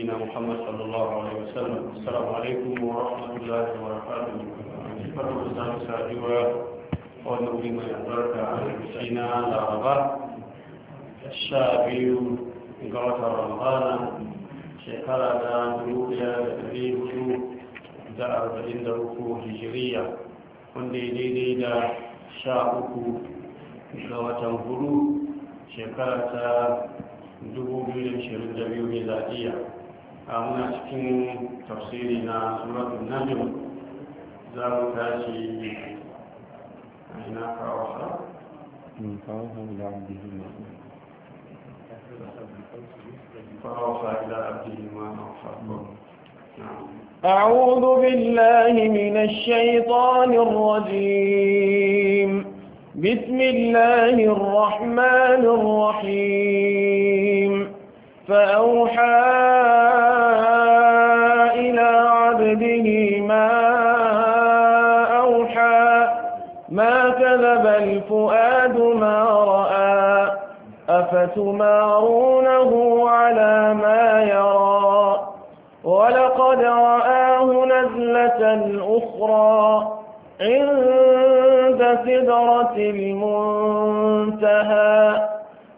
نبينا محمد صلى الله عليه وسلم السلام عليكم ورحمة الله وبركاته farko da samu saduwa wani wuri mai albarka sai na laraba sha biyu ga watan ramadana shekara ta dubu da ɗari hudu da arba'in da uku hijiriya wanda ya daidai da sha uku biyu da da biyu هنا شكين تفسيرنا سورة النجم زاو تاشي هنا فاوشا من فاوشا إلى عبده ما فاوشا إلى عبده ما نعم. أعوذ بالله من الشيطان الرجيم بسم الله الرحمن الرحيم فأوحى الفؤاد ما رأى أفتمارونه على ما يرى ولقد رآه نزلة أخرى عند سدرة المنتهى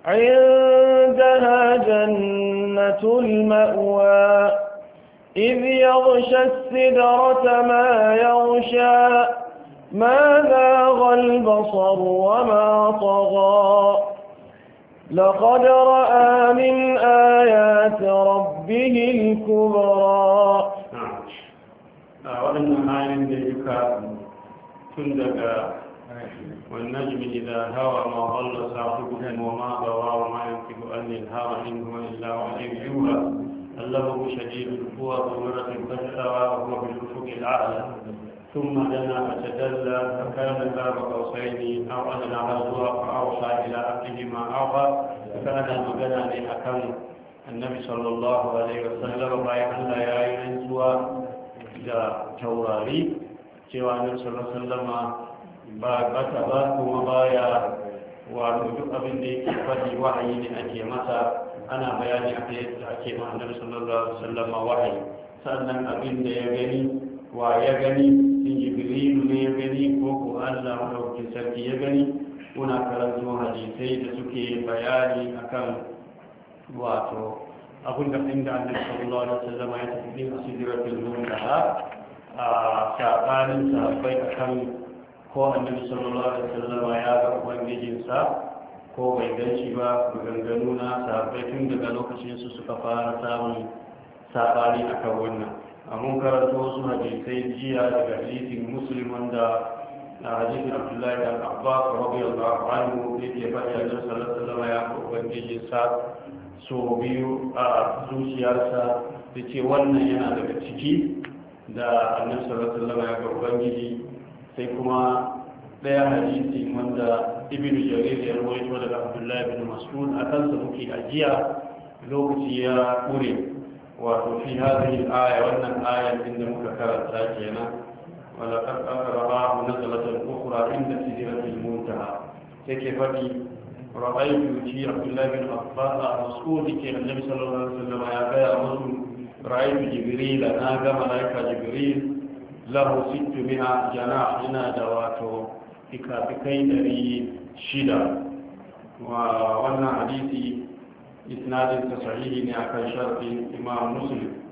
عندها جنة المأوى إذ يغشى السدرة ما يغشى ما زاغ البصر وما طغى لقد رأى من آيات ربه الكبرى نعم. آه، وأن آيان ذلك تندق والنجم إذا هوى ما ضل صاحبهم وما غوى وما ينفق أن الهوى إن هو إلا وحي يوهى الله شديد القوى ضرورة فجأة وهو بالأفق الأعلى ثم دنا فتدلى فكان باب قوسين او ادنى غزوه فاوصى الى عبده ما اوصى مدنا لاكم النبي صلى الله عليه وسلم باي ان لا يعين سوى da taurari cewa nan sallama ba bata ba kuma baya wato duk abin da yake faɗi wahayi ne ake masa ana bayani a yadda ake ma annabi sallallahu alaihi wasallam wahayi sannan abin da ya gani wa ya gani in jibrilu ne ya gani ko ko allah maɗaukin sarki ya gani kuna karanto hadisai da suke bayani akan wato abin da inda annabi sallallahu alaihi wasallam ya tafi din sidratul muntaha a sabanin sahabbai akan ko annabi sallallahu alaihi wasallam ya ga ubangijinsa ko bai ganshi ba maganganu na sabai tun daga lokacin su suka fara samun sabani akan wannan a mun karanta wasu hadisai jiya daga hadisin musulman da na hadisin abdullahi da abbas radiyallahu anhu da ke faɗi a jirgin sallallahu ya ubangiji sa so biyu a zuciyarsa da ce wannan yana daga ciki da annabi sallallahu ya ga ubangiji sai kuma ɗaya hadisi wanda ibnu jarir ya rawaito daga abdullahi bin mas'ud akan sa muke ajiya lokaci ya ƙure wato fi hadhihi al-aya wannan ayar inda muka karanta kenan wala qad aqrabahu nazalatan ukhra inda sidratil muntaha yake fadi ra'aytu ji abdullah bin abbas mas'ud ke annabi sallallahu alaihi wasallam ya ga musu ra'aytu jibril na ga malaika jibril lahu sittu mi'a janah ina da wato fikafikai dari shida wa wannan hadisi isnadin ta sahihi ne akan sharfin imam muslim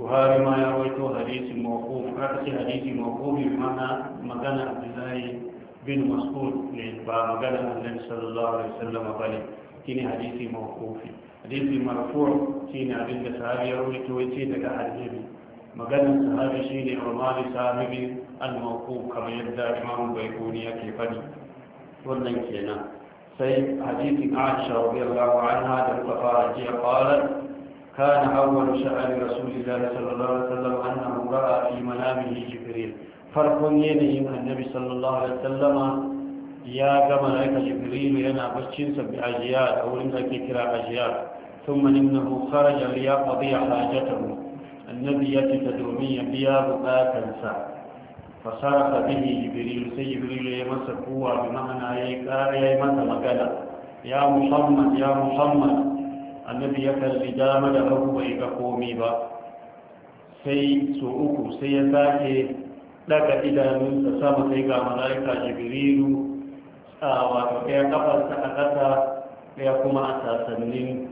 buhari ma ya waito hadisi mawquf ka ce hadisi mawquf mana magana abdullahi bin mas'ud ne ba magana annabi sallallahu alaihi wasallam bane shine hadisi mawqufi hadisi marfu' shine abin da sahabi ya rawaito yace daga annabi maganar sahabi shine urmani sahibi al-mawquf kamar yadda imam baykuni yake fadi wannan kenan sai hadisin aisha radiyallahu anha da muka fara jiya qalat kana awwal sha'ani rasulillahi sallallahu alaihi wasallam annahu ra'a fi manamihi jibril farkon yanayin annabi sallallahu alaihi wasallama ya ga malaika jibril yana baccin sa bi ajiya a wurin da ake kira ajiya ثم إنه خرج Annabi ya fita domin ya biya سعر fasara bihi jibril sai jibril ya masa kuwa bi ma'ana yayi kare yayi masa magana ya muhammad ya muhammad annabi ya kalli dama da hagu bai ga komi ba sai sau uku sai ya sake daga idanunsa sama sai ga malaika jibrilu a wato ɗaya kafarsa a ƙasa ɗaya kuma a sasannin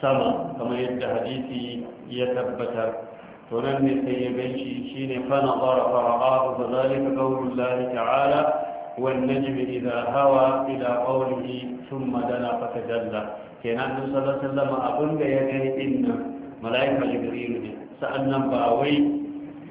sama kamar yadda hadisi ya tabbatar to nan ne sai ya ganshi shine fa nazara fa ra'ahu fa zalika qawlu llahi ta'ala wan najmi idha hawa ila qawlihi thumma dana fa tajalla kenan annabi sallallahu alaihi abin da ya gani din malaika jibril ne sa'annan ba wai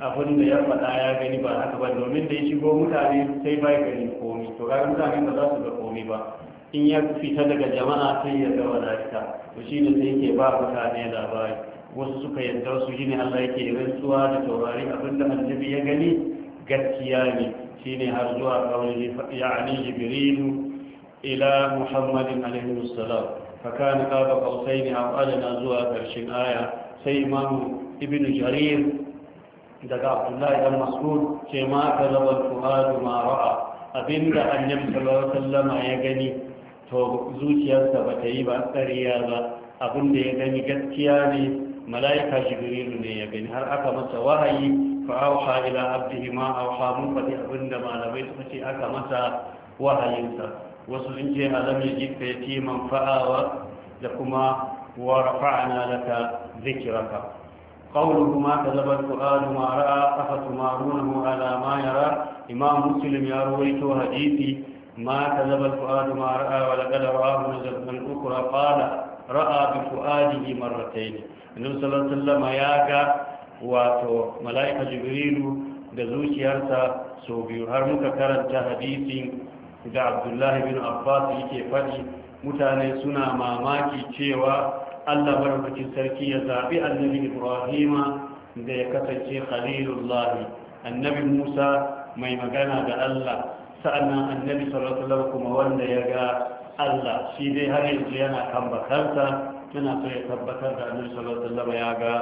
abin da ya faɗa ya gani ba haka ba domin da ya shigo mutane sai bai gani komi to ga mutane ba za su ga komi ba in ya fita daga jama'a sai ya ga wadata to shine sai yake ba mutane labari wasu suka yadda su shine Allah yake rantsuwa da taurari abinda annabi ya gani gaskiya ne shine har zuwa kawai Ali jibrilu ila muhammadin alaihi salam fa kana qaba qausain aw adana zuwa karshen aya sai imamu ibn jarir daga abdullahi dan mas'ud ce ma kalaba fuadu ma ra'a abinda annabi sallallahu alaihi wasallam ya gani to zuciyarsa bata yi ba tsariya ba abinda ya gani gaskiya ne malaika jibrilu ne ya gani har aka masa wahayi fa'a auha ila abdihi ma auha mun fadi abin da malamai suka ce aka masa wahayinsa wasu sun ce azami jikka ya ci man fa'awa da kuma wa rafa'ana laka zikiraka qawlu kuma ka zabar qur'anu ma ra'a aka tumarunu ala ma yara imam muslim ya rawaito hadisi ma ka zabar qur'anu ma ra'a wa laqad ra'ahu nazaran ukra qala ra'a bi fu'adihi marratayn annabi sallallahu alaihi ya ga wato mala'ika jibrilu da zuciyarsa so biyu har muka karanta hadisin da abdullahi bin abbas yake faɗi mutane suna mamaki cewa allah barkacin sarki ya zaɓi annabi ibrahima da ya kasance khalilullahi annabi musa mai magana da allah sa'annan annabi sallallahu alaihi kuma wanda ya ga Allah shi dai har yanzu yana kan bakansa yana so ya tabbatar da annabi sallallahu alaihi wasallam ya ga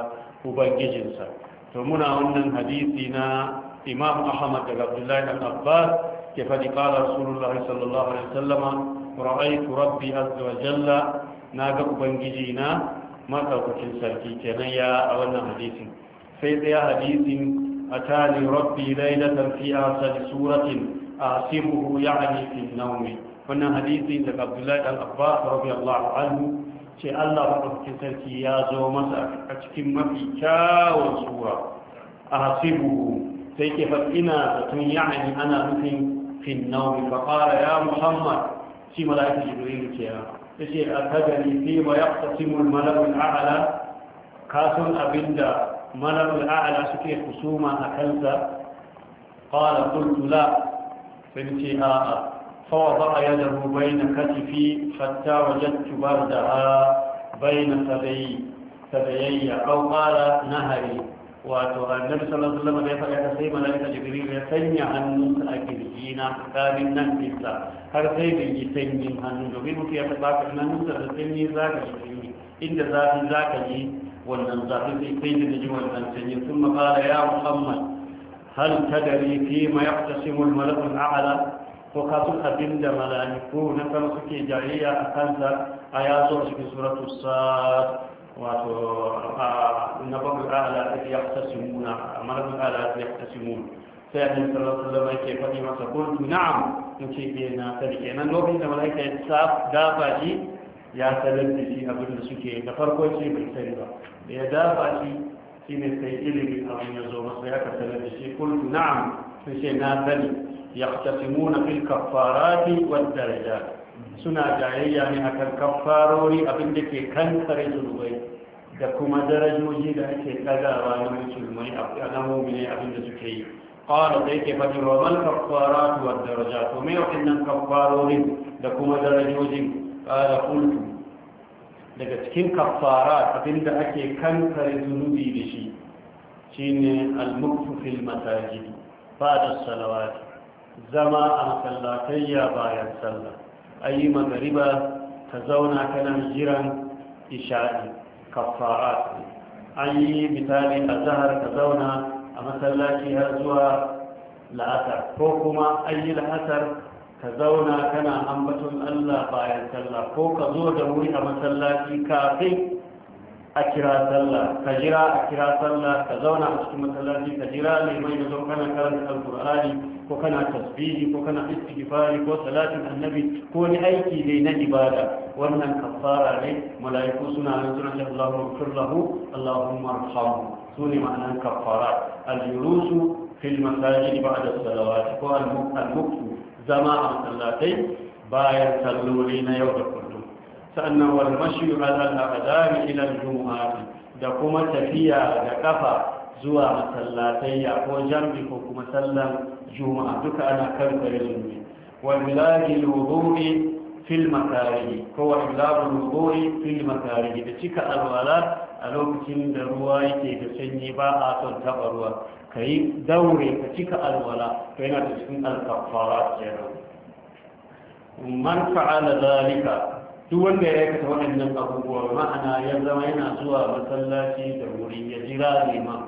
ubangijinsa to muna wannan hadisi na Imam Ahmad daga Abdullahi ibn Abbas ke fadi qala Rasulullah sallallahu alaihi wasallam ra'aytu rabbi azza wa jalla naga na madaukakin sarki kenan ya a wannan hadisin sai tsaya hadisin أتاني rabbi ليلة في أعسل سورة أعصبه يعني في النوم wannan hadisi daga abdullahi dan abbas allah al'adu ce Allah maɗaukakin sarki ya zo masa a cikin mafi kyawun sura a hasibu sai ke ina zaton ya'ani ana nufin fin naumi ba fara ya muhammad shi mala'ika jibril ke ya ta ce a tagari fi ma ya fasimul mala'ul a'ala kasan abinda mala'ul a'ala suke kusuma a kansa qala qultu sai ce a'a فوضع يده بين كتفي حتى وجدت بردها بين ثدي ثديي أو قال نهري wato annabi sallallahu alaihi wasallam da ya faɗa ta sai malaika jibril ya sanya hannunsa a kirjina tsakanin nan dinsa har sai da yi sanyin hannu domin mutu ya taɓa ka hannunsa da sanyi za ka yi. sanyi inda zafi za ka yi, wannan zafi sai sai da ji wannan sanyi sun maƙala ya muhammad hal tadari fi ma yaqtasimu al-malakul a'la ko kasu abin da mala'iku na kama suke jariya a kansa a ya zo cikin suratu sa'ad wato na babu ala ya tasimuna malakul ala ya tasimun sai annabi sallallahu alaihi wasallam yake faɗi masa kuntu na'am nace ke na sani kenan lokacin da malaika ya dafa shi ya sanar da shi abin da suke da farko ce bai sani ba da ya dafa shi shine sai ilimin abin ya zo masa ya ka sanar da shi kuntu na'am sai na sani يختصمون في الكفارات والدرجات suna jayayya ne a kan kafarori abinda ke kan tsare zunubai da kuma darajoji da ake tsagawa na musulmai a na mumine abinda suke yi ƙwara da yake faɗi wa man kafara wa daraja to me waɗannan kafarorin da kuma darajojin ƙara kultu daga cikin kafara abinda ake kan tsare zunubi da shi shine al-muktu fil masajid ba da salawati zama a masallatayya bayan sallah ayi magariba ta zauna kana jiran isha'i An yi misali a zahar ka zauna a masallaci har zuwa la'asar ko kuma ayi la'asar ka zauna kana ambaton Allah bayan sallah ko ka zo da wuri a masallaci kafin a kira sallah ka jira a kira sallah ka zauna a cikin masallaci ka jira limai da zo kana karanta alqur'ani ko kana tasbihi ko kana istighfari ko salatin annabi ko ni aiki dai na ibada wannan kafara ne mala'iku suna nan suna ce Allahumma ighfir lahu Allahumma Su sune ma'anan kafara al-yurusu fil masajid ba'da salawat ko al-muktu zama a masallatai bayan salloli na yau da sannan wal mashi ala al-aqdam ila al da kuma tafiya da kafa zuwa masallatayya ko jambi ko kuma sallan juma'a duka ana kan karin ne wal bilagi al fil makarihi ko wal bilagi al fil makarihi da cika alwala a lokacin da ruwa yake da sanyi ba a son taba ruwa yi daure ka cika alwala to yana da cikin alkafara cikin man fa'ala zalika duk wanda ya aikata waɗannan abubuwa ma'ana ya zama yana zuwa masallaci da wuri ya jira liman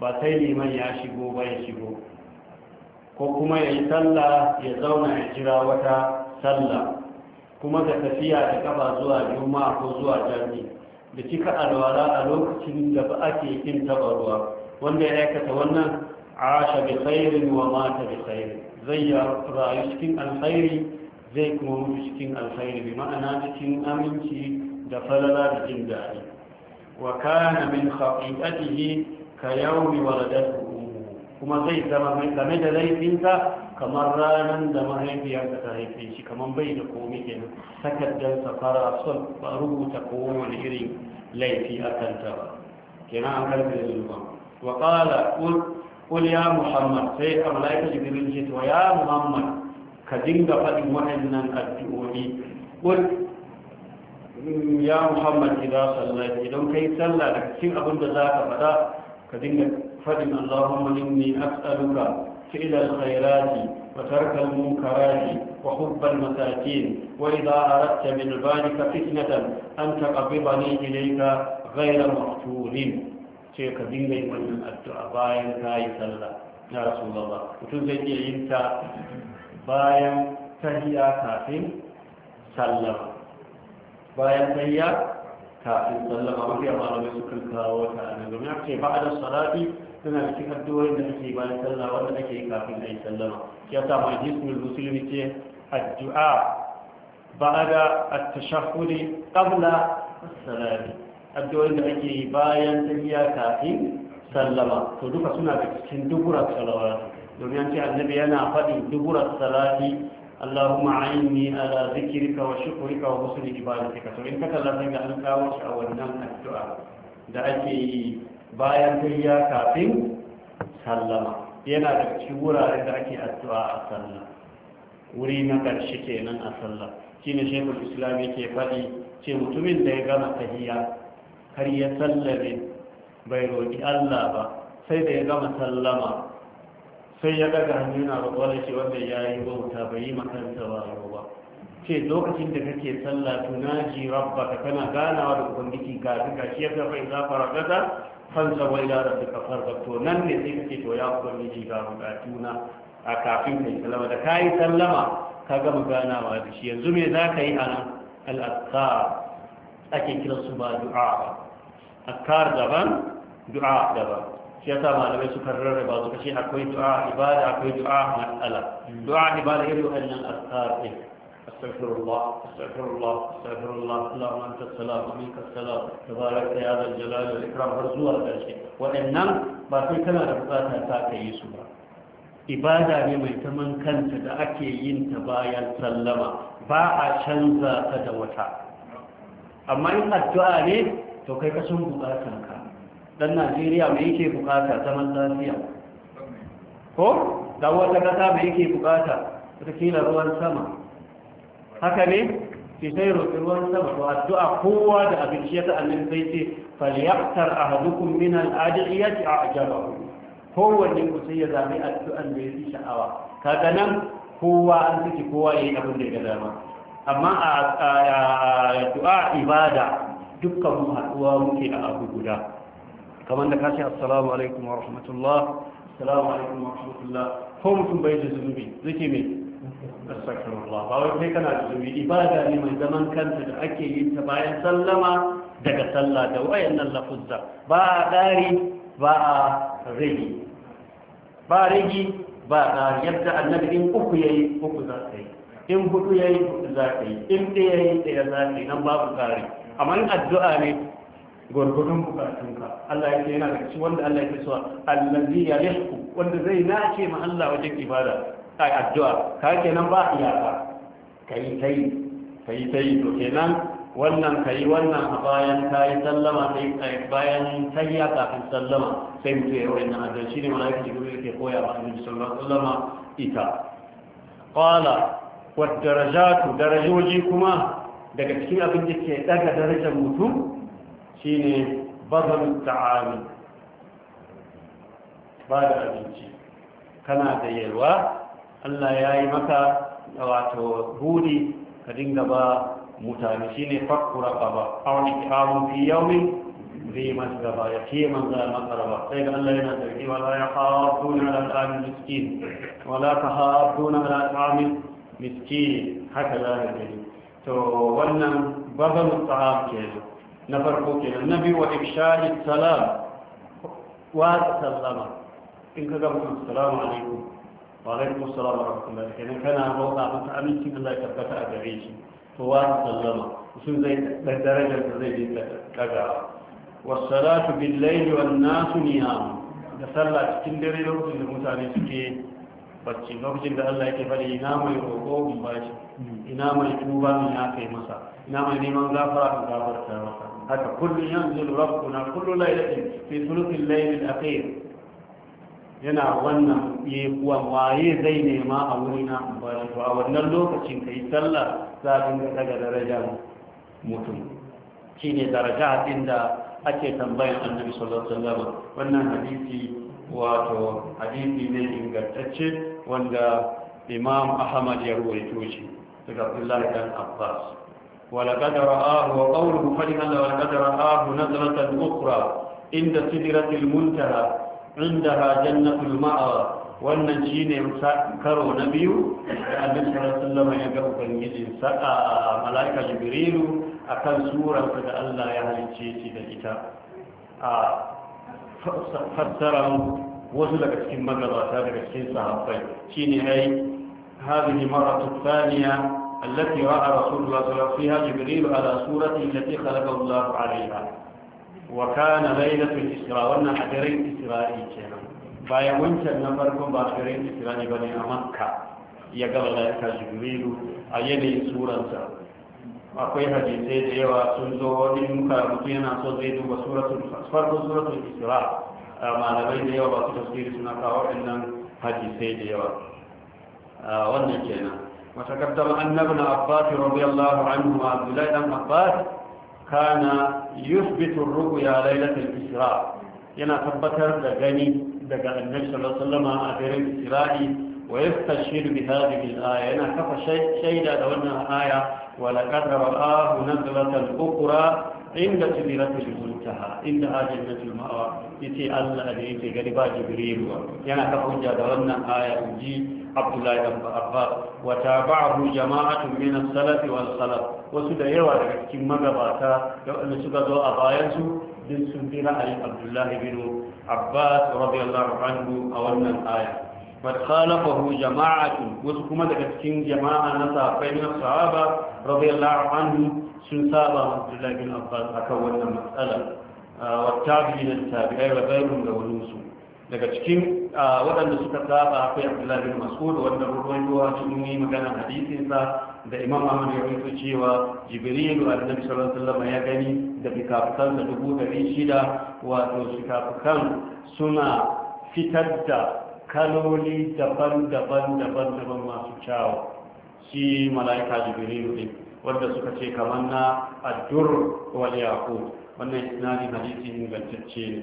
ba sai liman ya shigo ba ya shigo ko kuma ya yi sallah ya zauna ya jira wata sallah kuma da tafiya da kafa zuwa juma'a ko zuwa jami da cika alwara a lokacin da ba ake yin taba ruwa wanda ya aikata wannan a bi khairin wa mata bi khairin zai ya rayu cikin alkhairi zai kuma mutu cikin alkhairi bi ma'ana cikin aminci da falala da jin daɗi wa kana min khati'atihi ka yawmi waladatu kuma zai zama mai game da laifinsa kamar ranar da mahaifiyarka ta haife shi kamar bai da komai kenan takardar safara son ba rubuta kowane irin laifi a kanta ba kenan an karfe zuwa wa qala qul ya muhammad sai malaika jibril ce to ya muhammad ka dinga faɗin waɗannan addu'o'i qul ya muhammad idza sallaita idan kai sallah da cikin abin da za ka faɗa ka dinga faɗin allahumma inni as'aluka fi'l al-khairati وترك المنكرات وحب المساكين وإذا أردت من ذلك فتنة أن تقبضني إليك غير مقتول شيخ ديني من الدعاء باين كاي صلى يا رسول الله وتنزل إليك bayan tahiya kafin sallama bayan tahiya kafin sallama mafi malamai sukan kawo wata anan domin ake ba'adar salati suna da cikin addu'o'in da ake bayan sallama. wanda ake yi kafin a yi sallama ya sa mai jismul musulmi ce addu'a ba'ada at-tashahhudi qabla as-salati addu'o'in da ake yi bayan tahiya kafin sallama to duka suna da cikin dubura salawatu domin ce annabi yana faɗi duburar salati Allahumma aini ala zikrika wa shukrika wa husni ibadatika to in ka kalla sai ga an kawo shi a wannan addu'a da ake yi bayan tayya kafin sallama yana da cikin wuraren da ake addu'a a sallah wuri na ƙarshe kenan a sallah shine shekul islam yake faɗi ce mutumin da ya gama tahiyya har ya sallame bai roƙi Allah ba sai da ya gama sallama sai ya ɗaga hannuna yana rabuwa da ce wanda ya yi wauta bai yi makaranta ba yau ba ce lokacin da kake sallah tunaji rabba ka kana ganawa da ubangiji ga duka shi ya kafai za fara gaza fansa wai da da suka farga to nan ne sai kake to ya ubangiji ga bukatu na a kafin kai sallama da ka yi sallama ka gama ganawa da shi yanzu me za ka yi a nan al'adkar ake kiransu ba du'a ba akkar daban du'a daban shi yasa malamai suka rarraba su kashe akwai du'a ibada akwai du'a mas'ala du'a ibada irin wannan azkar din استغفر الله استغفر الله استغفر الله اللهم انت السلام ومنك السلام تبارك يا ذا الجلال والاكرام فرزوا الداشي وانن ba sai kana da bukata ta ka yi su ba ibada ne mai taman kanta da ake yin ta bayan sallama ba a canza ta da wata amma in addu'a ne to kai ka san bukatan ka dan najeriya mai yake bukata ta lafiya ko da wata kasa mai yake bukata kila ruwan sama haka ne ke sai roƙi ruwan sama ko addu'a kowa da abinci ya ta'allin sai ce falyaktar ahadukum min a a'jabahu kowanne ku sai ya zabi addu'an da ya fi sha'awa kaga nan kowa an saki kowa yayi abin da ya dama amma a addu'a ibada dukkan mu haɗuwa muke a abu guda kamar da ka ce assalamu alaikum wa rahmatullah assalamu alaikum wa rahmatullah ko mutum bai da zunubi zake me astaghfirullah ba wai kai kana da zunubi ibada ne mai zaman kanta da ake yi ta bayan sallama daga sallah da wayannan lafuzza ba a dari ba a rigi. ba rigi ba a yadda annabi in uku yayi uku za ka yi in hudu yayi hudu za ka yi in ɗaya yayi ɗaya za ka yi nan babu tsari amma in addu'a ne gwargwadon bukatunka Allah yake yana da cikin wanda Allah yake so allazi ya yahku wanda zai nace ma Allah wajen ibada ai addu'a ka kenan ba iyaka kai kai kai kai to kenan wannan kai wannan a bayan kai sallama sai bayan sai ya kafin sallama sai mutu ya wani addu'a shine malaika jibril ke koya ma annabi sallallahu alaihi wasallam ita qala wa darajatu darajoji kuma daga cikin abin da ke daga darajar mutum Shi shine bazan ta'ami ba da abinci kana da yalwa Allah ya yi maka wato buri ka dinga ba mutane Shi shine fakura ba auni kamun fi yawmin zai masu gaba ya ce man za a matsaraba sai ga Allah yana zargi wala ya haɗu na al'amin miskin wala ta haɗu na al'amin miskin haka za a gani to wannan babban tsahab ke zo na farko kenan na biyu wa ifshahi salam wa sallama in ka ga mutum assalamu alaikum wa alaikum assalam wa rahmatullahi kenan kana roƙa masa amincin Allah ya tabbata a gare shi to wa sallama mutum zai da darajar da zai dinga daga wasalatu bil layli wan nasu niyam da sallah cikin dare lokacin da mutane suke bacci lokacin da Allah yake fadi na mai roƙo mun bashi ina mai tuba min ya kai masa ina mai neman gafara in gafarta masa haka kullum yanzu na kullu lailatin fi thuluthil laifin al-akhir yana wannan ya kuwa waye zai nema a wuri na shi to a wannan lokacin kai sallah za ka ga daga daraja mutum shine daraja din da ake tambayan annabi sallallahu alaihi wasallam wannan hadisi wato hadisi ne ingantacce wanda imam ahmad ya ruwaito shi daga abdullahi dan abbas ولقد رآه وقوله فلهذا ولقد رآه نزلة أخرى عند سدرة المنتهى عندها جنة المأوى wannan shi ne karo na biyu da abin sallama ya ga ubangijin sa'a a mala'ika jibrilu a kan da allah ya halicce shi da ita a fassara wasu daga cikin magabata daga cikin sahabbai shi ne هذه المرة الثانية التي رأى رسول الله صلى الله عليه وسلم فيها جبريل على صورة التي خلق الله عليها وكان ليلة الإسراء وأن حجرين إسرائيل كان بايا وانشان نفركم بحجرين إسرائيل بني أمكة يقال لك جبريل أيني صورة akwai هذه da yawa sun zo wani muka mutu وسورة so zai duba suratul farko suratul isra malamai da yawa ba su tafsiri suna آه، والنجينا وتقدم أن ابن عباس رضي الله عنه عبد الله بن عباس كان يثبت الرؤيا ليلة الإسراء ينا تبتر لغني دقاء النبي صلى الله عليه وسلم أثير الإسراء ويستشير بهذه الآية أنا كفى شيء شيء لأدونا آية ولقد رآه نزلة الأخرى عند سبيرة المنتهى عند جنة المأوى يتي الله أدريك غريبا جبريل ينا كفى جدونا آية وجيه abdullahi abbas wa tabi'ahu jama'atun min as-salaf wal salaf wasu da yawa daga cikin magabata da wanda suka zo a bayan su din sun bi ra'ayin abdullahi bin abbas radiyallahu anhu a wannan aya فخالفه جماعة وسكما دكتين جماعة نصا بين الصحابة رضي الله عنهم سنسابة عبد الله بن عباس أكوّلنا مسألة والتابعين التابعين وغيرهم لولوسهم دكتين waɗanda suka saba akwai abdullahi bin mas'ud wanda ruwan ruwa sun yi magana hadisin da imam ahmad ya rubuta cewa jibrilu annabi sallallahu alaihi wasallam ya gani da fikafikan da dubu ɗari shida wato fikafikan suna fitar da kaloli daban-daban daban-daban masu kyawu shi mala'ika jibrilu din wanda suka ce kamar na addur wal wannan isnadin hadisi ingantacce ne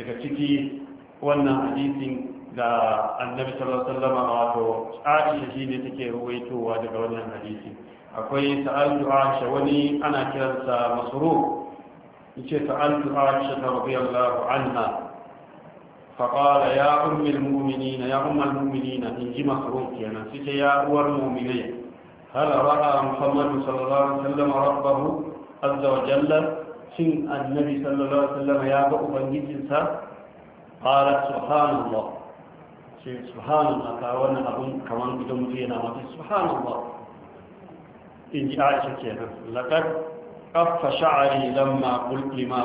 daga ciki wannan hadisin ga annabi sallallahu alaihi wasallam wato Aisha shine take ruwaitowa daga wannan hadisi akwai sa'altu Aisha wani ana kiransa masruq yace sa'altu Aisha radiyallahu anha فقال يا ya المؤمنين يا ya المؤمنين إن in ji أنا سيك يا أور المؤمنين هل رأى محمد صلى الله عليه وسلم ربه عز وجل سن النبي صلى الله عليه وسلم ya ga ubangijinsa. qalat subhanallah shi subhanallah ka wannan abun kaman idan mutum yana mata subhanallah in ji aisha kenan laqad kaffa sha'ari lamma qult lima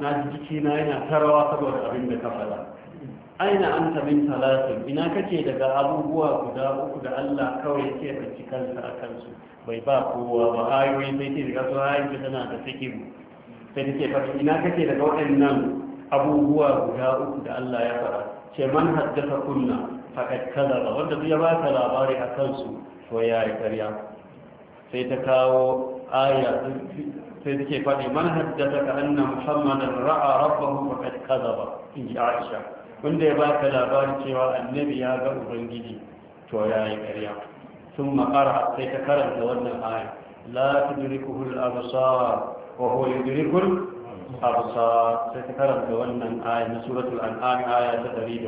na jiki na yana tarawa saboda abin da ka faɗa aina an min talatin ina kake daga abubuwa guda uku da Allah kawai yake bincike kansa a kansu bai ba kowa ba ayoyi sai ke daga su ayoyi tana da fikihu sai take faɗi ina kake daga waɗannan abubuwa guda uku da Allah ya fara ce man haddasa kunna fakat kaza wanda duk ya ba ka labari a kansu to ya yi ƙarya sai ta kawo aya sai take faɗi man haddasa ka anna muhammadan ra'a rabbahu fakat kaza ba in ji aisha wanda ya ba ka labari cewa annabi ya ga ubangiji to ya yi ƙarya sun makara sai ta karanta wannan aya la tudrikuhu al-absar wa huwa yudrikul absar sai ta karanta wannan aya na suratul an'am aya ta 103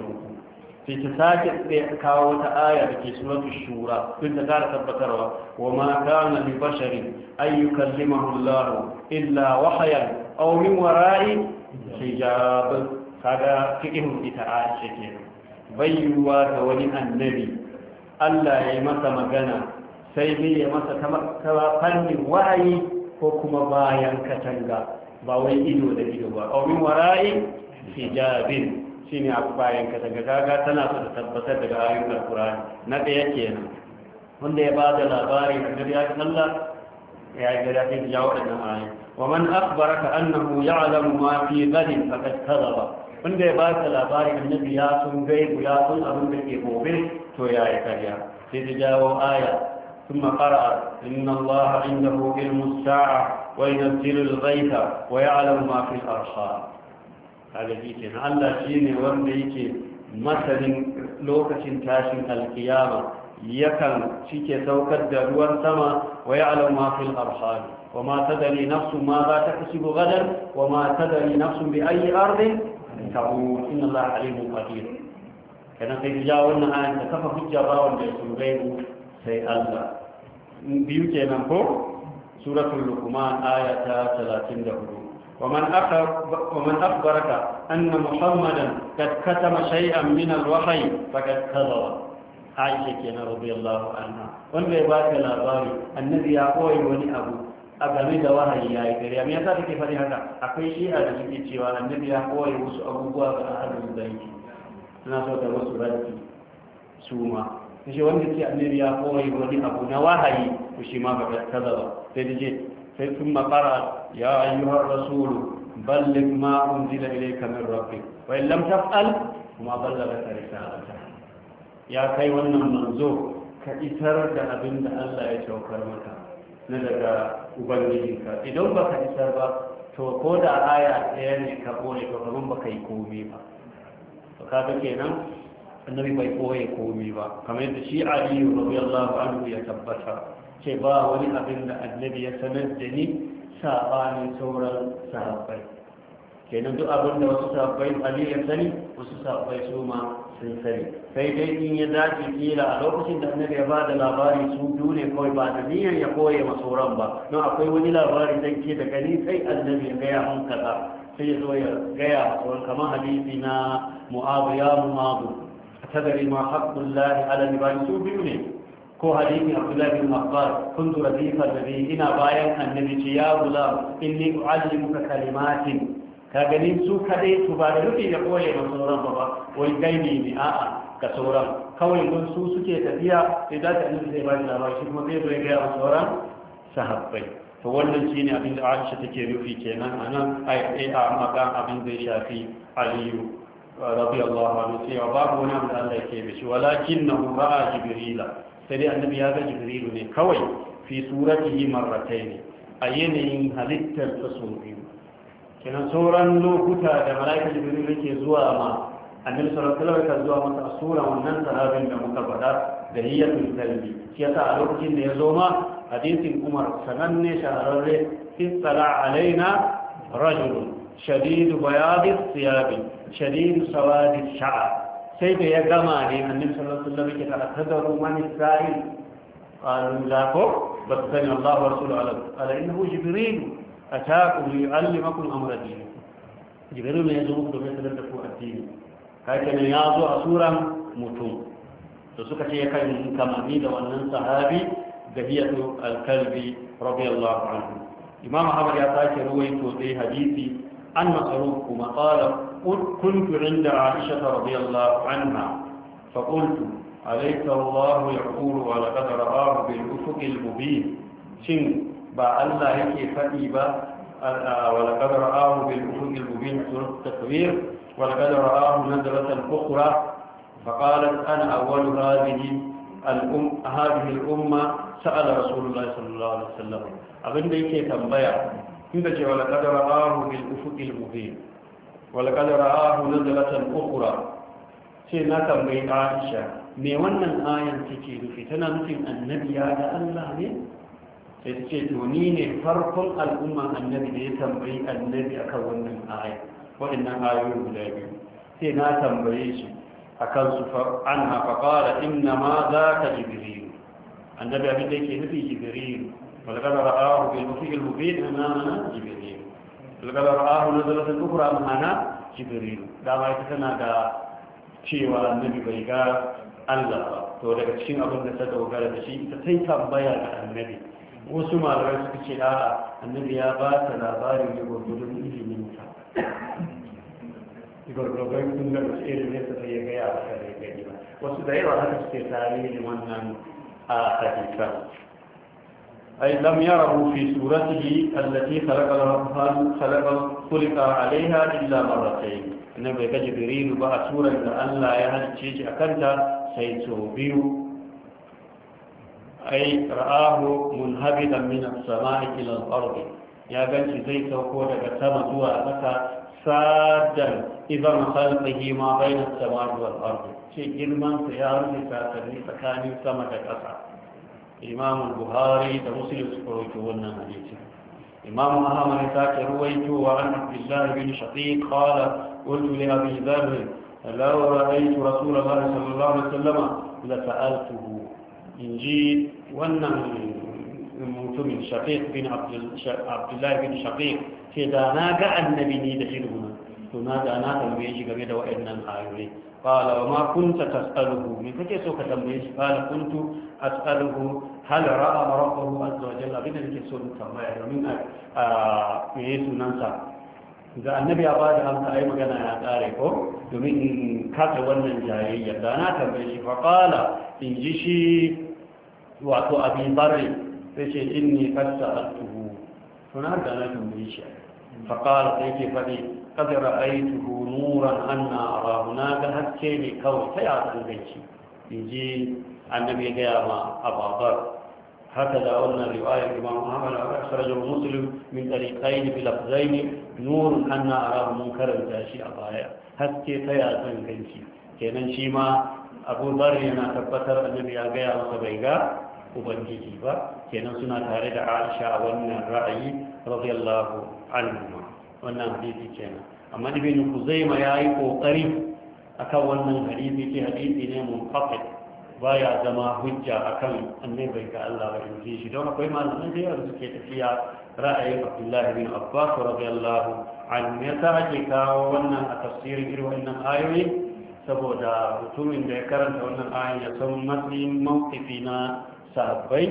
sai ta sake tsaye kawo wata aya da ke suratul shura duk da kara tabbatarwa wa ma kana li basharin ay yukallimahu Allah illa wahyan aw min wara'i hijab kaga cikin ita aya ce ke bayyuwa ga wani annabi Allah ya yi masa magana sai ne ya masa ta fannin wahayi ko kuma bayan katanga ba wai ido da ido ba Omin wara'i hijabin shi ne abu bayan ka daga gaga tana so da tabbatar daga ayoyin alkurani na ɗaya kenan wanda ya ba da labari a gari ya sallah ya yi gari ya fi jawo waɗannan ayoyi wa man akhbara ka annahu ya'lamu ma fi a faqad ba. wanda ya ba ta labari annabi ya sun gaibu ya sun abin da ke gobe to ya yi karya sai ta jawo aya ثم قرأ إن الله عنده علم الساعة وينزل الغيث ويعلم ما في الأرحام هذا يمكن الله شيني wanda yake masanin lokacin tashin alkiyama yakan cike saukar da ruwan sama wa ya'lamu ma fil arham wa ma tadri nafsu ma za ta kasibu gadan wa ma tadri nafsu bi ayi ardin ta'ud inna allaha alimun qadir kana sai ja wannan ayan kafa sai Allah biyu kenan ko suratul luqman aya ta 34 waman akhbar waman akhbaraka anna muhammadan kad katama shay'an min al-wahyi faqad kadhaba aisha kenan radiyallahu anha wanda ya baka labari annabi ya koyi wani abu a game da wahayi ya yi ƙarya me yasa take faɗi haka akwai shi'a da suke cewa annabi ya koyi wasu abubuwa ga ahlul so wasu raddi suma. ta ce wanda ce annabi ya kawai wani abu na wahayi ku shi ma ba ta zaba sai ta ce sai sun makara ya ayyuhar rasulu ballin ma unzila ilayka min rabbik wa lam taf'al kuma ballagha risalata ya kai wannan manzo ka isar da abin da Allah ya saukar maka na daga ubangijinka idan baka isar ba to ko da aya ɗaya ne ka bore to ba ka yi komai ba to kaga kenan annabi bai koye komi ba kamar yadda shi aliyu radiyallahu anhu ya tabbata ce ba wani abin da annabi ya sanar da ni sabanin sauran sahabbai kenan duk abin da wasu sahabbai ali ya sani wasu sahabbai su ma sun sani sai dai in ya dace kila a lokacin da annabi ya bada labari su biyu ne kawai ba da niyyar ya koya ma sauran ba don akwai wani labari dan ke da gani sai annabi ya gaya mun kaza sai ya zo ya gaya kamar hadisi na mu'abu ya mu'abu تدري ما حق الله على العباد su biyu ne ko hadisin Abdullahi bin Abbas kuntu radifa nabi ina bayan annabi ce ya gulam inni uallimuka kalimatin ka gani su kadai su ba da rufe ya koye ma sauran ba wai gaini ne a'a ka sauran kawai don suke tafiya sai za ta annabi ba kuma zai zo ya ga sauran sahabbai to wannan shine abin da Aisha take rufi kenan anan ai a magan abin da ya shafi Aliyu رضي الله عنه سيوا باب وانا من الله يكيبش ولكنه رأى جبريل سيدي النبي هذا جبريل كوي في صورته مرتين أينين هلت الفصول kenan sauran lokuta da mala'ikar jibril yake zuwa ma annabi sallallahu alaihi wasallam zuwa masa sura wannan sahabin da muka faɗa da hiyyatul qalbi shi yasa a lokacin da ya zo ma hadisin Umar sananne shahararre istala alaina rajul شديد بياض الثياب شديد سواد الشعر سيد يا جماعه النبي صلى الله عليه وسلم كده تدروا من السائل قالوا لا بس الله ورسوله على قال انه جبريل اتاكم ليعلمكم امر الدين جبريل يزوق دومين تدركوا الدين هكذا يازو اسورا متوم متون suka ce ya kan kamami da wannan sahabi da hiyatu al-kalbi radiyallahu anhu imam ahmad حديثي أن أروكم قال كنت عند عائشة رضي الله عنها فقلت أليس الله يقول ولقد رآه بالأفق المبين شن با الله يكي فئبا ولقد رآه بالأفق المبين سورة التكوير ولقد رآه نزلة أخرى فقالت أنا أول هذه الأم هذه الأمة سأل رسول الله صلى الله عليه وسلم أبن بيكي تنبيع inda ce wala kadara ahu bil ufuqil mubin wala kadara ahu nazalatan ukhra ce na tambayi Aisha me wannan ayan take nufi tana nufin annabi ya da Allah ne sai ta ce to ni ne farkon al'umma annabi da ya tambayi annabi akan wannan aya waɗannan ayoyi guda biyu sai na tambaye shi akan su an hafa fara inna ma za ka jibiri. annabi abin da yake nufi jibiri. ولقد رآه بالمسيء المبين أمامنا جبريل ولقد رآه نزلة Da أمامنا جبريل دعما يتسنى دا شيء ولا النبي بيقى الله to daga cikin abin da ta dogara da shi ita sai tambaya ga annabi wasu malamai suka ce annabi ya basa ta labarin da gwargwadon ilimin ta gwargwadon kun da wasu irin ne ta ya gaya a kare gani ba wasu da yawa haka suke tarihin wannan a hadisa أي لم يره في سورته التي خلق خلق خلق عليها إلا مرتين النبي جبريل بها سورة أن لا يهجج أكنت سيتوبيو أي رآه منهبدا من السماء إلى الأرض يا بنت زي سوكودا كتما زوا أكا سادا إذا خلقه ما بين السماء والأرض شيء جرمان سيارة ساتري سكاني سمك كسر امام البخاري تمسل سكروت ونا حديث امام احمد تاك رويت وعن عبد الله بن شقيق قال قلت لابي ذر لو رايت رسول الله صلى الله عليه وسلم لسالته انجيل ونا من شقيق بن عبد الله بن شقيق كذا ناقع النبي نيد حلمنا ثم ناقع ناقع ويجي قبيل وإن الحيولي qala wa ma kunta tas'aluhu me kake so ka tambaye shi qala kuntu as'aluhu hal ra'a rabbahu azza wa jalla abin da nake so in tambaya domin a me sunansa ga annabi ya bada amsa ai magana ya tsare ko domin in kasa wannan jayayya da na tambaye shi fa qala in ji shi wato abin barri sai ce inni qad sa'altuhu sunar da na tambaye shi fa qala sai ke fadi kada ra'aituhu nuran anna a na ga haske ne kawai ta ya san In ji annabi ya gaya ma ababar haka da wannan riwaya imam ahmad a sarjar musulun, min tariqain bi lafzain nurun anna a mun karanta shi a baya haske ta ya san ganci kenan shi ma abu yana tabbatar annabi ya gaya masa bai ga ubangiji ba kenan suna tare da aisha a wannan ra'ayi radiyallahu anhu wannan hadisi kenan amma ibn kuzaima yayi kokari akan wannan hadisi ce hadisi ne munqati baya zama hujja akan annabi ga Allah wa shi don akwai malaman da yawa suke tafiya ra'ayin Abdullah bin Abbas radiyallahu anhu ya sake kawo wannan a tafsirin irin wannan ayoyi saboda mutumin da ya karanta wannan ayoyi ya san matsayin mawqifi na sahabbai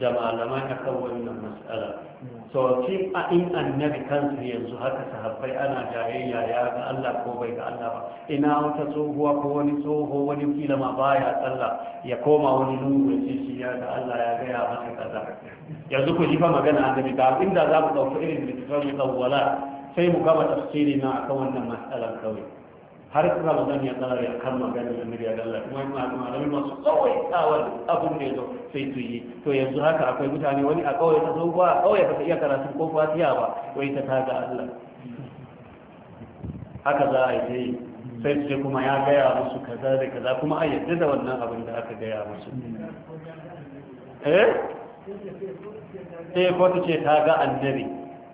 da malaman akan wannan mas'ala so shi a in annabi kansu yanzu haka sahabbai ana jayayya ya ga Allah ko bai ga Allah ba ina wata tsohuwa ko wani tsoho wani kila ma baya tsalla ya koma wani lungu ya ce shi ya ga Allah ya ga ya masa kaza yanzu ku ji fa magana annabi ga inda za mu dauki irin littafin tsawwala sai mu gama tafsiri na akan wannan matsalar kawai har zan ya tsara ya kan maganin da Allah kuma malamai masu kawai tsawar abin da ya zo sai su yi to yanzu haka akwai mutane wani a kawai ta zo ba kawai ba ta iya karatu ko fatiha ba wai ta ga Allah haka za a yi sai su ce kuma ya gaya musu kaza da kaza kuma a yadda da wannan abin da aka gaya musu eh sai eh, ko ta ce ta ga annabi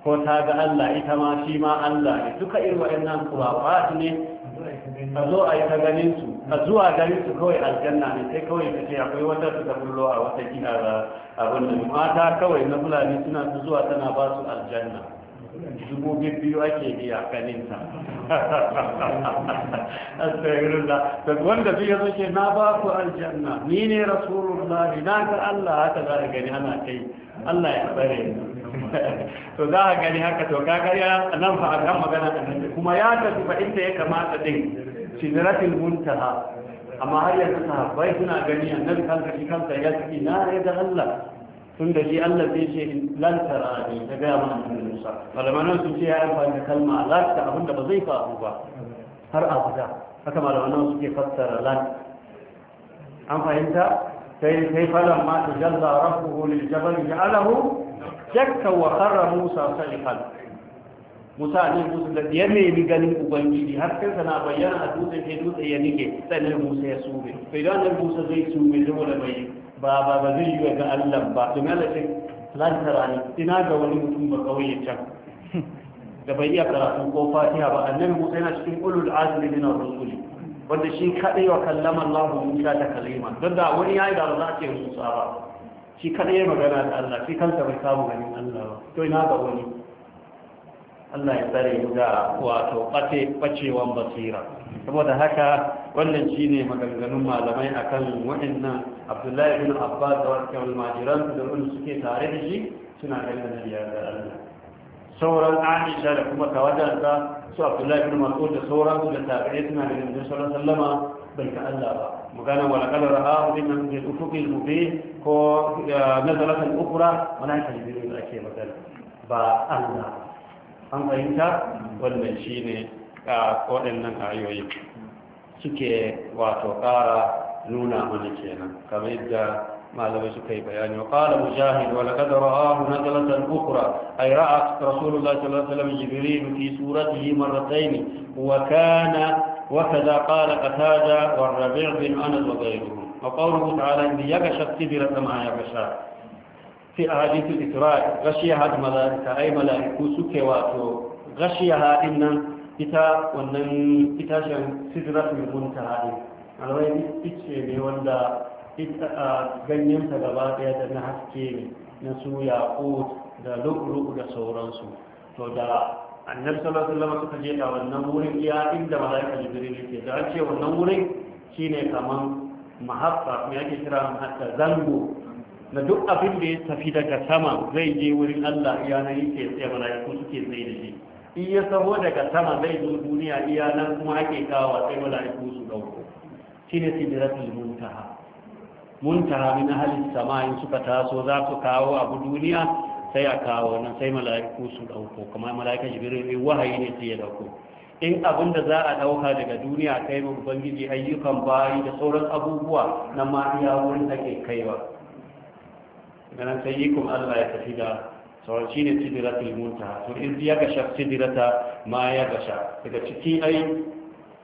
ko ta ga Allah ita ma shi ma Allah ne duka irin waɗannan kuwa ne a zo a yi ta ganin su a zuwa ganin su kawai aljanna ne sai kawai ka ce akwai wata su ta bullo a wata gina abin da mata kawai na fulani suna su zuwa tana ba su aljanna dubu biyu ake biya ganin ta astagfirullah to wanda biyu yazo ce na ba ku aljanna ni ne ni na ga Allah haka za a gani ana kai Allah ya bare mu to za a gani haka to kagariya nan fa a kan magana annabi kuma ya tafi fa ya kamata din sidratul muntaha amma har yanzu bai suna gani nan kanka shi kansa ya tafi na ya ga Allah tun da shi Allah zai ce lan tarani ta gaya mana annabi Musa malaman sun ce ya amfani da kalma la ta abinda ba zai faru ba har abada haka malaman suke fassara lan an fahimta sai sai falan ma tajalla rabbuhu lil jabal ja'alahu jakka wa harra musa salihan musa ne musu da ya ni ganin ubangiji har sai sana bayyana a dutse ke dutse ya nike tsanin musa ya sube sai da musa zai sube da bai ba ba ba zai yi ga allah ba to mala ce lantara ne ina ga wani mutum ba kawai can da bai iya karatu ko fatiha ba annabi musa yana cikin ulul azmi din na rusuli wanda shi kadai wa kallama allah musa ta kalima don da wani yayi da ba za a ce musa ba shi kaɗai ya magana da Allah shi kansa bai samu ganin Allah ba to ina ga wani Allah ya tsare mu da wato bace bacewan basira saboda haka wannan shine maganganun malamai akan wa'annan Abdullahi ibn Abbas da wasu majiran da wani suke tare da shi suna ganin da Allah sauran Aisha da kuma tawadarsa su Abdullahi ibn Mas'ud da sauran da tabi'ai suna ganin da sallallahu alaihi wasallama bai ga Allah ba magana wala kala ra'a din nan bil ufuqil mubin ko nazalatan ukhra wannan tajbirin da ake magana ba Allah an fahimta wannan shine a waɗannan ayoyi suke wato ƙara nuna mana kenan kamar yadda malamai suka yi bayani wa qala mujahid wa laqad ra'ahu nazalatan ukhra ay ra'a rasulullah sallallahu alaihi wasallam jibril fi suratihi marratayn wa kana wa kadha qala qatada wa rabi' bin anas wa ghayruhu wa qawluhu ta'ala in yaghsha tibra kama yaghsha fi ahadithu isra' ghashiya malaika ay malaiku suke wato ghashiya dinnan ita wannan itacen sidratul muntaha ne alwai ice ne wanda ganyensa gaba ɗaya da na haske ne na su ko da lukuluku da sauransu to da annar sallallahu alaihi suka je da wannan wurin iya inda malaika jibril yake da an ce wannan wurin shine kamar mahaffa me ake kira mahaffa zango na duk abin da ya tafi daga sama zai je wurin Allah iya yake tsaye malaiku suke tsaye da shi in ya saho daga sama zai zo duniya iya nan kuma ake kawo sai malaiku su shi shine sidratul muntaha muntaha min halin sama in suka taso za su kawo abu duniya sai a kawo nan sai mala'iku su dauko kuma mala'ika jibril wahayi ne sai ya dauko in abin da za a dauka daga duniya kai mu ubangiji ayyukan bayi da sauran abubuwa na ma iya wurin da ke kaiwa ganan sai ikon Allah ya tafi da sauran shi ne sidiratul muntaha to in ya gasha sidirata ma ya gasha daga ciki ai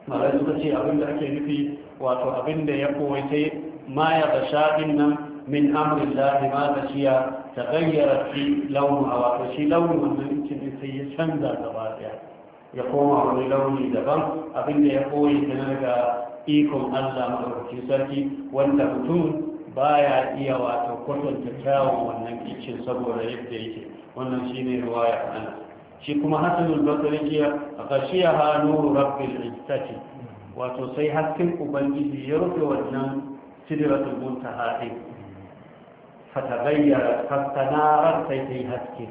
mala'ika ce abin da ake nufi wato abin da ya komai sai ما يغشى إن من أمر الله ما غشي تغيرت في لونها وتشي لونها من يمكن في يشنزا تبادع يقوم على لوني دبم أبن يقوي تنرك إيكم الله مدركي سركي وانت بتون baya iya wato kwatanta kyawun wannan kicin saboda yadda yake wannan shine riwaya shi kuma hasanul basri a kashiya ha nuru rabbil izzati wato sai hasken ubangiji ya rufe wannan sidratul muntaha din fataghayyara fastanara sai ta haske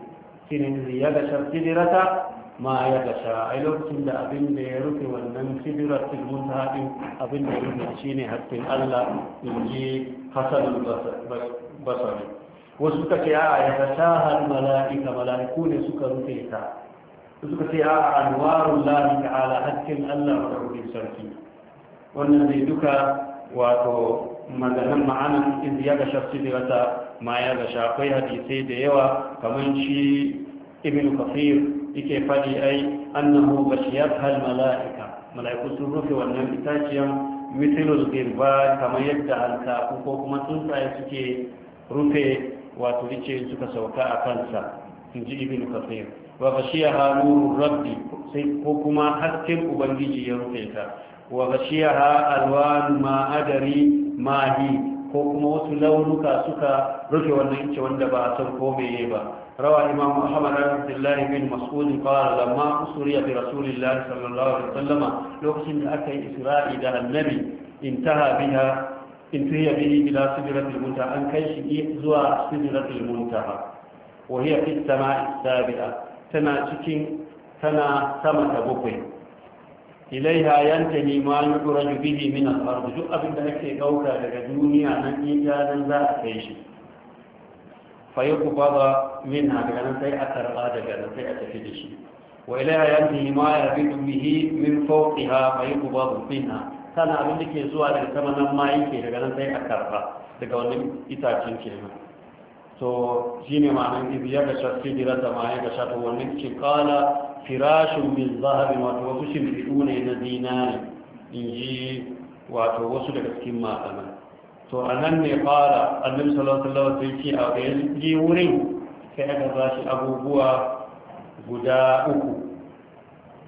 shine ya ga sidrata ma ya gasha a lokacin da abin da ya rufe wannan sidiratul muntaha din abin da ya rufe shine hakkin Allah in ji hasan basari wasu suka ce a ya gasha hal malaika malaiku ne suka rufe ta suka ce a anwarul lahi ta'ala hakkin Allah wa rabbil sarki wannan zai duka wato ma'anan in ya gasha shafi wata ma ya ga shafai hadisai da yawa kamar shi ibn kafir yake faɗi ai annahu gashiyat hal mala'ika mala'iku sun rufe wannan itaciyan mitilul girba kamar yadda halka ko kuma tsuntsaye suke rufe wato rice suka sauka a kansa inji ibn kafir wa gashiya hanurun rabbi sai ko kuma hasken ubangiji ya rufe ta wa gashiyaha alwan ma adari mahi ko kuma wasu launuka suka rufe wannan ice wanda ba a san ko meye ba rawa imam Muhammad abdullahi bin mas'ud qala lamma usriya bi rasulillahi sallallahu alaihi wasallam lokacin da aka yi isra'i da annabi intaha biha intaha bihi ila sidratil muntaha an kai shi zuwa sidratil muntaha وهي في السماء السابعة تنا تكين تنا سمة بقي إليها ينتمي ما يخرج به من الأرض جو أبدأك كوكا لقدوني عن إيجاد ذا إيش فيقبض منها بأن سيأثر هذا بأن سيأتفد شيء وإليها ينتهي ما يربط به من فوقها فيقبض منها سنة أبدك يسوع لكمنا ما يكي لأن سيأثر هذا لقد قلت إتاكين كلمة تو جيني معنى إذا يجب شخصي دي رتا معنى قال firashin min zahabin wato wasu shimfiɗu ne na zinari in ji wato wasu daga cikin malamai to a nan ne fara annabi sallallahu alaihi wasallam ce a ga je wurin sai aka bashi abubuwa guda uku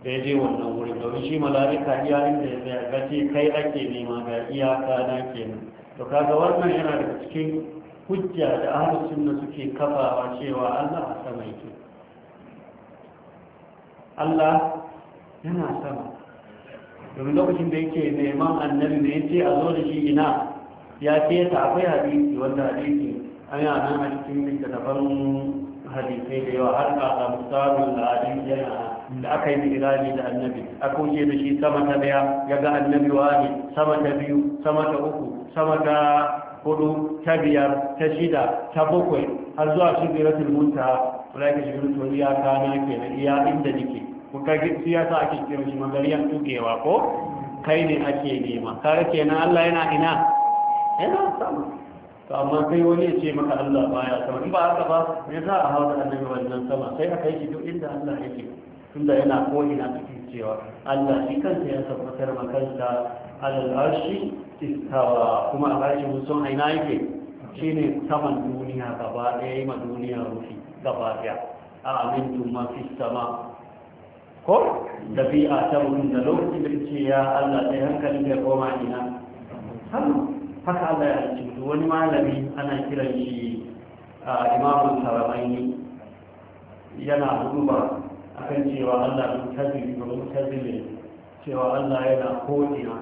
daidai wannan wurin domin shi mala'ika iya inda ya tsaya ga ce kai ake nema ga iyaka na kenan to kaga wannan yana daga cikin hujja da ahlus sunna suke kafawa cewa Allah a sama yake Allah yana sama domin lokacin da yake neman annabi ya ce a zo da shi ina ya ce ta akwai hadisi wanda hadisi an yi anan a cikin littattafan hadisai da yawa har kasa musamman da hadisi yana da aka yi mirani da annabi a wuce da shi sama ta daya ya ga annabi wani sama ta biyu sama ta uku sama ta hudu ta biyar ta shida ta bakwai har zuwa biyar muntaha kula shi shirin to iya kana ke na iya inda nake ko ka ga siya sa ake kira shi magariyan tugewa ko kai ne ake nema Ka kaga na Allah yana ina yana sama to amma kai wani ya ce maka Allah baya sama in ba haka ba me za a hawa da annabi wannan sama sai aka yi shi duk inda Allah yake tunda yana ko ina cikin cewa Allah shi kansa ya tabbatar makansa alal arshi istawa kuma a harshen sun aina yake shine saman duniya gaba ɗaya yi ma duniya rufi gaba daya a amintu mafi fi sama ko mm. dabi'a ta wurin da lokacin da ce ya Allah ɗaya hankalin da koma ina haka Allah ya ce wani malami ana kiran shi imamun saramaini yana duba akan cewa Allah ya da ba mutazili cewa Allah yana kodina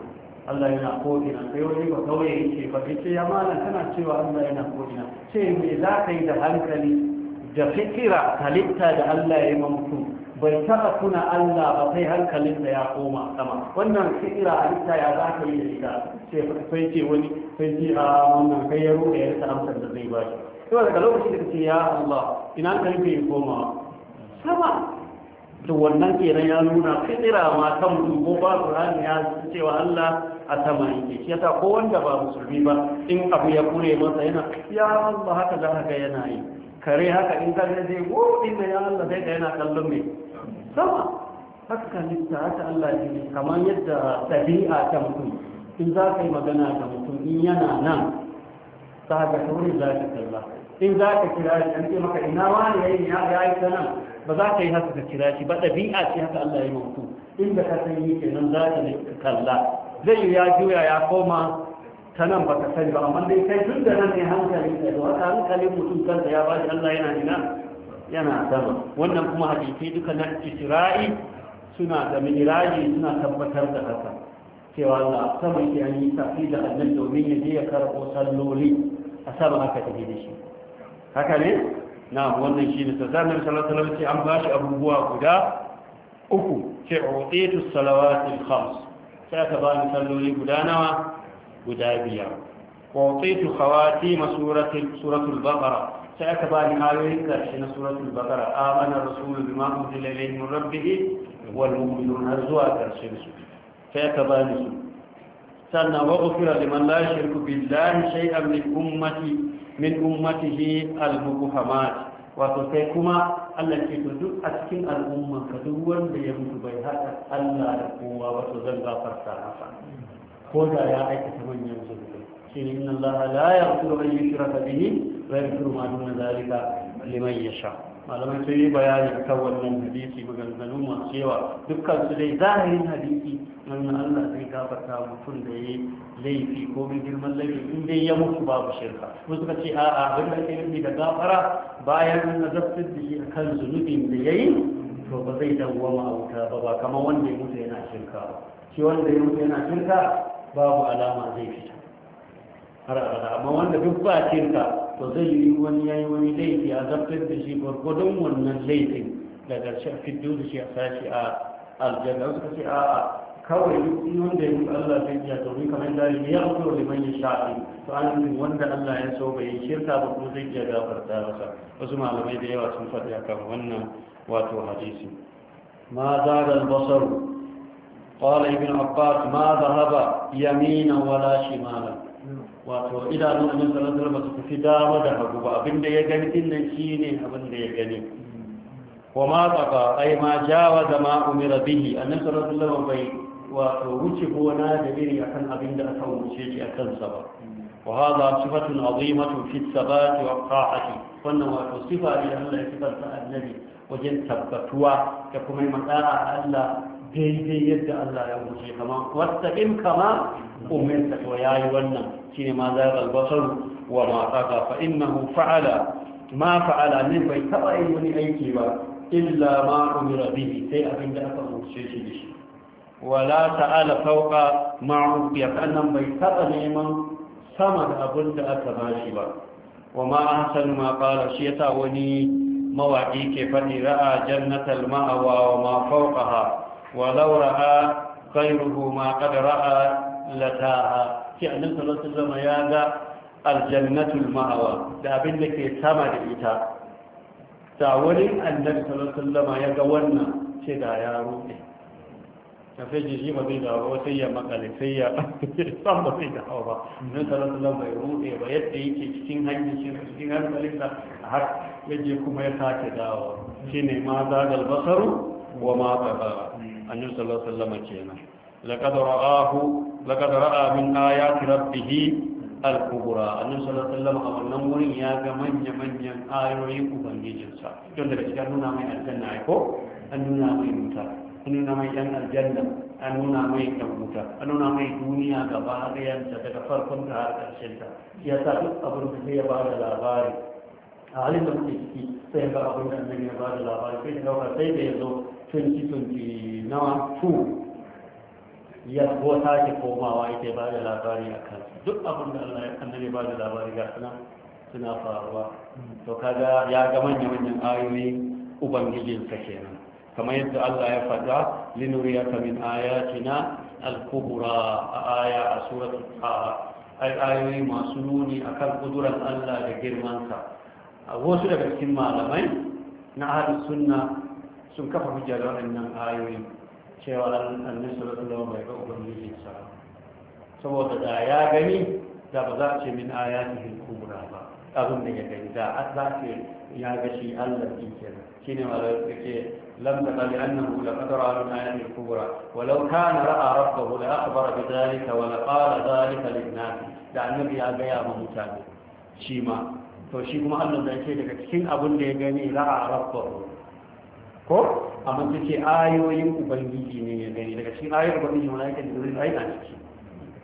Allah yana kodina sai wani ba kawai ce, ba ce ya malam kana cewa Allah yana kodina ce me za ka yi da hankali da fikira halitta da Allah ya yi mutum bai taɓa kuna Allah ba sai da ya koma sama wannan fikira halitta ya za ka yi da ita sai ce wani sai a ah, wannan kai ya roƙa ya rika amsar da zai bashi to daga lokacin da kace ya Allah ina ka rike koma sama to wannan kenan ya nuna fikira ma kan dubo ba hannu ya cewa Allah a sama yake shi yasa ko wanda ba musulmi ba in abu ya kure masa yana ya Allah haka za ka yana yi kare haka in kare zai wo din da ya Allah zai ka yana kallon mai sama haka ta haka Allah ji kamar yadda ɗabi'a ta mutum in za ka yi magana ta mutum in yana nan ta ga wurin za ka kalla in za ka kira shi an ce maka ina wani yayi ya ya yi ta nan ba za ka yi haka ka kira shi ba ɗabi'a ce haka Allah ya yi mutum inda ka san yi kenan za ka ka kalla zai yi ya juya ya koma ta nan ba ka sani ba amma dai kai tun da nan ne hankali ka zuwa wata hankalin mutum kansa ya bashi Allah yana ina yana sama wannan kuma hadisi duka na Isra'il suna da miraji suna tabbatar da haka cewa Allah sama ke an yi tafi da annan domin ya je ya karɓo salloli a sama aka tafi da shi haka ne na wannan shi ne ta zanen sallallahu ce an bashi abubuwa guda uku ce utetu salawatul khams sai aka bani salloli guda nawa guda biyar qawtaitu khawatim suratul suratul baqara sai aka ba ni ayoyin karshe na suratul baqara amana rasulu bima unzila ilayhi min rabbih wal mu'minun har zuwa karshen su sai aka ba ni su sannan wa ghufira liman la yushriku billahi shay'an min ummati min ummatihi al-muhammad wato sai kuma Allah ke to duk a cikin al'umma ka duk wanda ya mutu bai haɗa Allah da kowa Wato to zan gafarta masa ko da ya aikata manyan zunubai shi ne inna allaha la yaghfiru an yushraka bihi wa yaghfiru ma duna zalika liman yasha malaman sun yi bayani kan wannan hadisi maganganun masu yawa dukkan su dai zahirin hadisi nan Allah zai gafarta mutum da ya laifi ko mai girman laifi in dai ya mutu babu shirka kuma suka ce a'a abin da ke nufi da gafara bayan nazartar da shi kan zunubin da ya yi to ba zai dawwama a wuta ba ba kamar wanda ya mutu yana shirka ba shi wanda ya mutu yana cinka babu alama zai fita har abada amma wanda duk ba cinka to zai yi wani yi wani laifi a zartar da shi gwargwadon wannan laifin da ƙarshe a fiddo da shi a sashi a aljanna suka ce a'a kawai duk wanda ya mutu Allah zai iya domin kamar da ya yankuro liman ya shafi to an yi wanda Allah ya so bai shirka ba kuma zai iya gafarta masa wasu malamai da yawa sun faɗi akan wannan wato hadisi ma zagar basaru قال ابن عباس ما ذهب يمينا ولا شمالا wato idanun annabi sallallahu alaihi wasallam su fi dama da hagu ba abinda ya gani din nan shine abinda ya gani wa ma taqa ay ma jawaza ma umira bihi annabi sallallahu alaihi wasallam bai wato wuce gona da iri akan abinda aka wuce shi akan sa ba wa hadha sifatun azimatu fi thabati wa qa'ati wannan wato sifa ne Allah ya sifanta annabi wajen tabbatuwa da kuma yi matsara Allah daidai yadda Allah ya wuce kama in kama umirta to yayi wannan shine ma zagal basar wa ma taqa fa innahu fa'ala ma fa'ala min bai taba yin wani aiki ba illa ma umira bihi sai abin da aka wuce shi da shi wala ta'ala fawqa ma ya kannan bai taba neman sama da abin da aka bashi ba wa ma ahsanu ma qala shi yasa wani mawaki ke fadi ra'a jannatal ma'awa wa ma fawqaha walau ra'a khairuhu ma qad ra'a lataha ki annabi sallallahu alaihi wasallam ya ga aljannatul ma'awa da abin da ke sama da ita ta wurin annabi sallallahu alaihi wasallam ya ga wannan ce da ya rufe tafi jiji ba zai dawo sai ya makale sai ya san ba zai da dawo ba nan sallallahu bai rufe ba yadda yake cikin hanyar cikin hankalinsa har yaje kuma ya sake dawo shine ma zagal basaru wa ma tsaba annabi sallallahu alaihi wasallam kenan laqad ra'ahu laqad ra'a min ayati rabbih al-kubra annabi sallallahu alaihi wasallam a wannan wurin ya ga manya manyan ayoyin ubangijinsa don daga cikin nuna mai aljanna ya ko an nuna mai mutane an nuna mai yan aljanna an nuna mai yan wuta an nuna mai duniya gaba ɗayanta daga farkon ta har ƙarshen ta ya sa duk abin da zai ba da labari a halin da muke ciki sai ga abin da annabi ya ba da labari sai da ɗauka sai da ya zo 2020 nawa 2 ya ko sake komawa ita ba da labari a kan duk abin da Allah ya annabi ba da labari ga suna suna faruwa to kaga ya ga manyan manyan ayoyi ubangijinsa kenan kamar yadda Allah ya faɗa linuriyaka min ayatina al-kubra a aya a a ayoyi masu nuni a kan ƙudurar Allah da girmansa wasu daga cikin malamai na ahalus sunna sun kafa hujja da waɗannan ayoyi cewa an nisa da alaihi bai ga ubangiji sa saboda da ya gani da ba za a ce min aya ayatihi kubra ba abin da ya gani da a za ce ya ga shi Allah din kenan shine malai yake lam taqa li annahu la qadara min ayatihi kubra walau kana ra'a rabbahu la akhbara bi dhalika wa la qala dhalika lin nas da annabi ya gaya ma mutane shi ma to shi kuma Allah da yake daga cikin abin da ya gani ra'a rabbahu ko a ta ce ayoyin ubangiji ne ya gani daga cikin ayoyin ubangiji wani yake da ai na ciki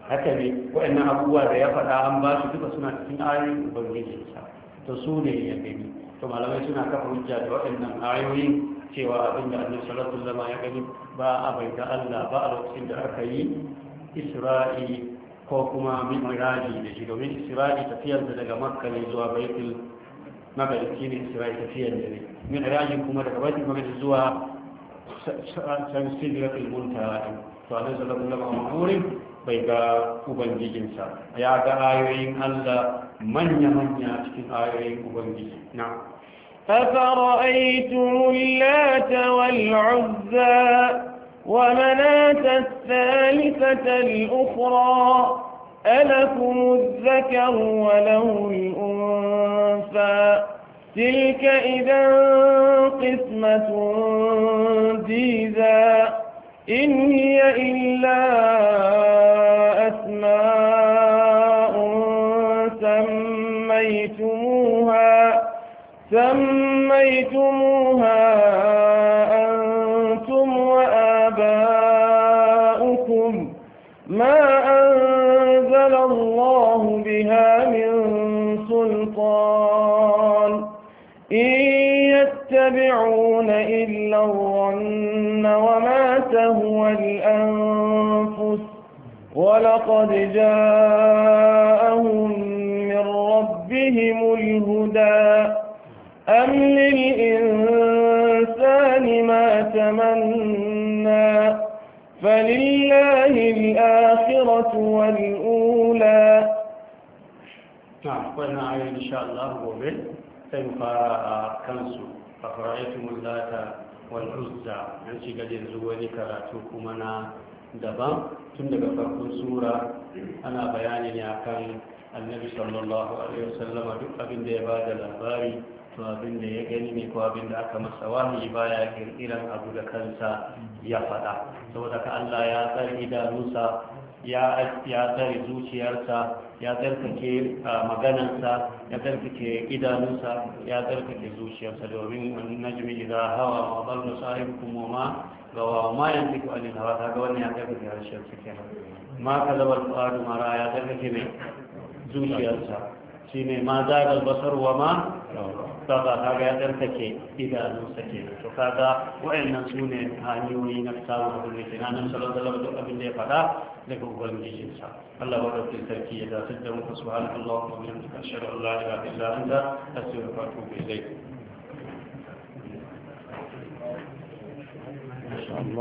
haka ne waɗannan abubuwa da ya faɗa an ba su duka suna cikin ayoyin ubangiji sa to su ne ya gani to malamai suna kafa hujja da waɗannan ayoyin cewa abin da annabi sallallahu alaihi wasallam ya gani ba a bai Allah ba a lokacin da aka yi Isra'i ko kuma Mi'raji da shi domin Isra'i tafiyar daga Makka ne zuwa Baitul مبعثين إسرائيل كثيرا يعني من علاجكم ورغباتكم من الزواء سنستيد المنتهى فهذا صلى الله عليه وسلم بيقى أبن جيجن سا يا دا آيوين الله من يمن يأتكم آيوين أبن جيجن نعم أفرأيتم اللات والعزى ومناة الثالثة الأخرى ألكم الذكر وله الأمى ضعفا تلك إذا قسمة ديزا إن هي إلا أسماء سميتموها سميتموها يتبعون إلا الرن وما تهوى الأنفس ولقد جاءهم من ربهم الهدى أم للإنسان ما تمنى فلله الآخرة والأولى نعم قلنا عليه إن شاء الله gobe تنفى كنسو أفرأيتم an والعزى أن wani karatu kuma na daban tun daga farkon sura ana bayani ne akan annabi sallallahu alaihi wasallam duk abin da ya ba da labari to abin da ya gani ne ko abin da aka masa wahayi baya kirkiran abu da kansa ya faɗa saboda ka Allah ya tsari idanunsa ya ya tsare zuciyarsa ya tsarkake maganarsa, ya tsarkake idanunsa ya tsarkake zuciyarsa domin wani najmi idza hawa wa dalla sahibukum wa ma gawa ma yantiku anil hawa ta ga wannan ya tsarkake harshen sa kenan ma kadaba al mara ya tsarkake mai zuciyarsa shine ma zagal basar wa ma kaga kaga ya tsarkake idanunsa ke to kaga wayannan su ne hanyoyi na samun abin da ke nan salon zalam duk abin da ya faɗa daga ubangijinsa Allah wa ɗauki sarki ya zasu da muku su hana Allah wa min da ƙarshen Allah da ƙafin lafin da ta su yi bai zai.